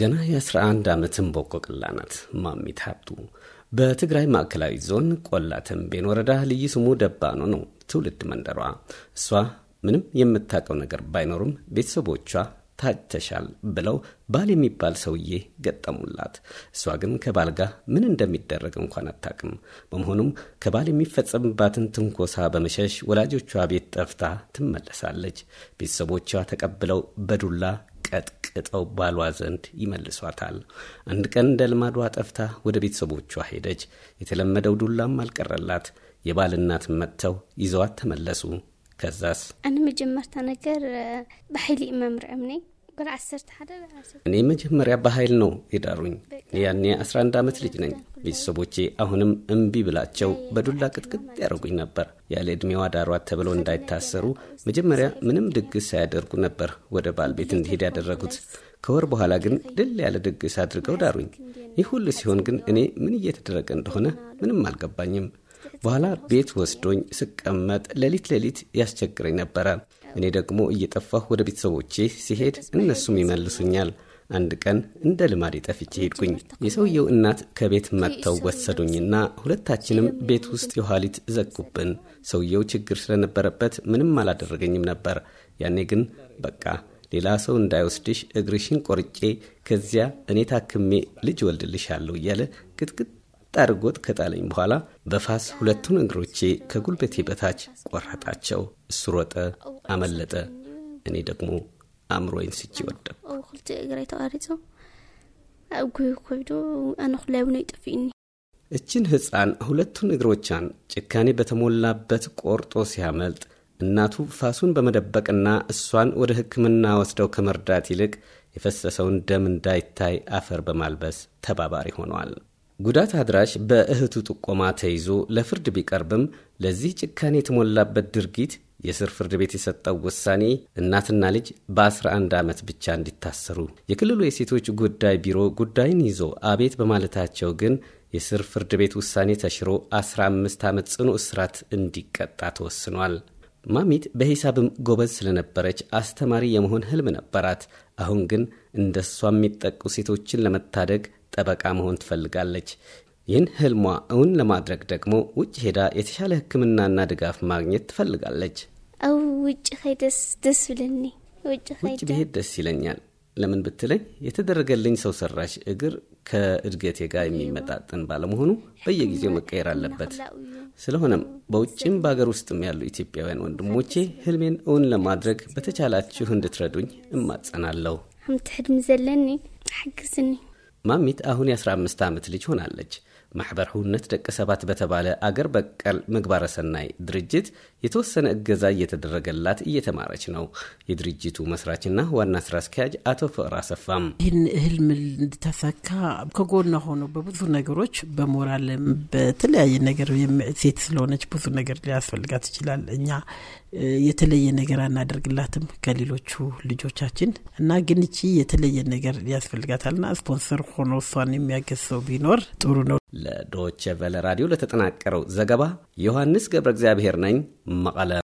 ገና የ11 ዓመትን ቦቆቅላ ናት ማሚት ሀብቱ። በትግራይ ማዕከላዊ ዞን ቆላ ተንቤን ወረዳ ልዩ ስሙ ደባኖ ነው ትውልድ መንደሯ። እሷ ምንም የምታውቀው ነገር ባይኖርም ቤተሰቦቿ ታጭተሻል ብለው ባል የሚባል ሰውዬ ገጠሙላት። እሷ ግን ከባል ጋር ምን እንደሚደረግ እንኳን አታውቅም። በመሆኑም ከባል የሚፈጸምባትን ትንኮሳ በመሸሽ ወላጆቿ ቤት ጠፍታ ትመለሳለች። ቤተሰቦቿ ተቀብለው በዱላ ቀጥቅጠው ባሏ ዘንድ ይመልሷታል። አንድ ቀን እንደ ልማዷ ጠፍታ ወደ ቤተሰቦቿ ሄደች። የተለመደው ዱላም አልቀረላት። የባልናት መጥተው ይዘዋት ተመለሱ። ከዛስ አን መጀመርታ ነገር ባህሊ መምርዕምኒ እኔ መጀመሪያ በኃይል ነው የዳሩኝ። ያኔ 11 ዓመት ልጅ ነኝ። ቤተሰቦቼ አሁንም እምቢ ብላቸው በዱላ ቅጥቅጥ ያደርጉኝ ነበር። ያለ ዕድሜዋ ዳሯት ተብለው እንዳይታሰሩ መጀመሪያ ምንም ድግስ ሳያደርጉ ነበር ወደ ባል ቤት እንዲሄድ ያደረጉት። ከወር በኋላ ግን ድል ያለ ድግስ አድርገው ዳሩኝ። ይህ ሁሉ ሲሆን ግን እኔ ምን እየተደረገ እንደሆነ ምንም አልገባኝም። በኋላ ቤት ወስዶኝ ስቀመጥ ሌሊት ሌሊት ያስቸግረኝ ነበረ። እኔ ደግሞ እየጠፋሁ ወደ ቤተሰቦቼ ሲሄድ እነሱም ይመልሱኛል። አንድ ቀን እንደ ልማድ ጠፍቼ ሄድኩኝ። የሰውየው እናት ከቤት መጥተው ወሰዱኝና ሁለታችንም ቤት ውስጥ የኋሊት ዘጉብን። ሰውየው ችግር ስለነበረበት ምንም አላደረገኝም ነበር። ያኔ ግን በቃ ሌላ ሰው እንዳይወስድሽ እግርሽን ቆርጬ ከዚያ እኔ ታክሜ ልጅ ወልድልሻለሁ እያለ ግጥግጥ ጠርጎት ከጣለኝ በኋላ በፋስ ሁለቱን እግሮቼ ከጉልበቴ በታች ቆረጣቸው። እሱ ሮጠ፣ አመለጠ። እኔ ደግሞ አእምሮዬን ስቼ ወደቅኩ። እችን ሕፃን ሁለቱን እግሮቿን ጭካኔ በተሞላበት ቆርጦ ሲያመልጥ እናቱ ፋሱን በመደበቅና እሷን ወደ ሕክምና ወስደው ከመርዳት ይልቅ የፈሰሰውን ደም እንዳይታይ አፈር በማልበስ ተባባሪ ሆነዋል። ጉዳት አድራሽ በእህቱ ጥቆማ ተይዞ ለፍርድ ቢቀርብም ለዚህ ጭካኔ የተሞላበት ድርጊት የስር ፍርድ ቤት የሰጠው ውሳኔ እናትና ልጅ በ11 ዓመት ብቻ እንዲታሰሩ፣ የክልሉ የሴቶች ጉዳይ ቢሮ ጉዳይን ይዞ አቤት በማለታቸው ግን የስር ፍርድ ቤት ውሳኔ ተሽሮ 15 ዓመት ጽኑ እስራት እንዲቀጣ ተወስኗል። ማሚት በሂሳብም ጎበዝ ስለነበረች አስተማሪ የመሆን ህልም ነበራት። አሁን ግን እንደ እሷ የሚጠቁ ሴቶችን ለመታደግ ጠበቃ መሆን ትፈልጋለች። ይህን ህልሟ እውን ለማድረግ ደግሞ ውጭ ሄዳ የተሻለ ሕክምናና ድጋፍ ማግኘት ትፈልጋለች። አው ውጭ ደስ ደስ ብለኒ ውጭ ብሄድ ደስ ይለኛል። ለምን ብትለኝ የተደረገልኝ ሰው ሰራሽ እግር ከእድገቴ ጋር የሚመጣጥን ባለመሆኑ በየጊዜው መቀየር አለበት። ስለሆነም በውጭም በሀገር ውስጥም ያሉ ኢትዮጵያውያን ወንድሞቼ ህልሜን እውን ለማድረግ በተቻላችሁ እንድትረዱኝ እማጸናለሁ። ምትሕድም ዘለኒ ሓግዝኒ ማሚት አሁን የ15 ዓመት ልጅ ሆናለች። ማሕበር ህውነት ደቂ ሰባት በተባለ አገር በቀል ምግባረ ሰናይ ድርጅት የተወሰነ እገዛ እየተደረገላት እየተማረች ነው። የድርጅቱ መስራችና ዋና ስራ አስኪያጅ አቶ ፍቅር አሰፋም ይህን ህልም እንድታሳካ ከጎና ሆኖ በብዙ ነገሮች በሞራልም በተለያየ ነገር ሴት ስለሆነች ብዙ ነገር ሊያስፈልጋት ይችላል እኛ የተለየ ነገር አናደርግላትም ከሌሎቹ ልጆቻችን እና ግን እቺ የተለየ ነገር ና ስፖንሰር ሆኖ እሷን የሚያገዝ ሰው ቢኖር ጥሩ ነው። ለዶቼ ቬለ ራዲዮ ለተጠናቀረው ዘገባ ዮሐንስ ገብረ እግዚአብሔር ነኝ መቀለ።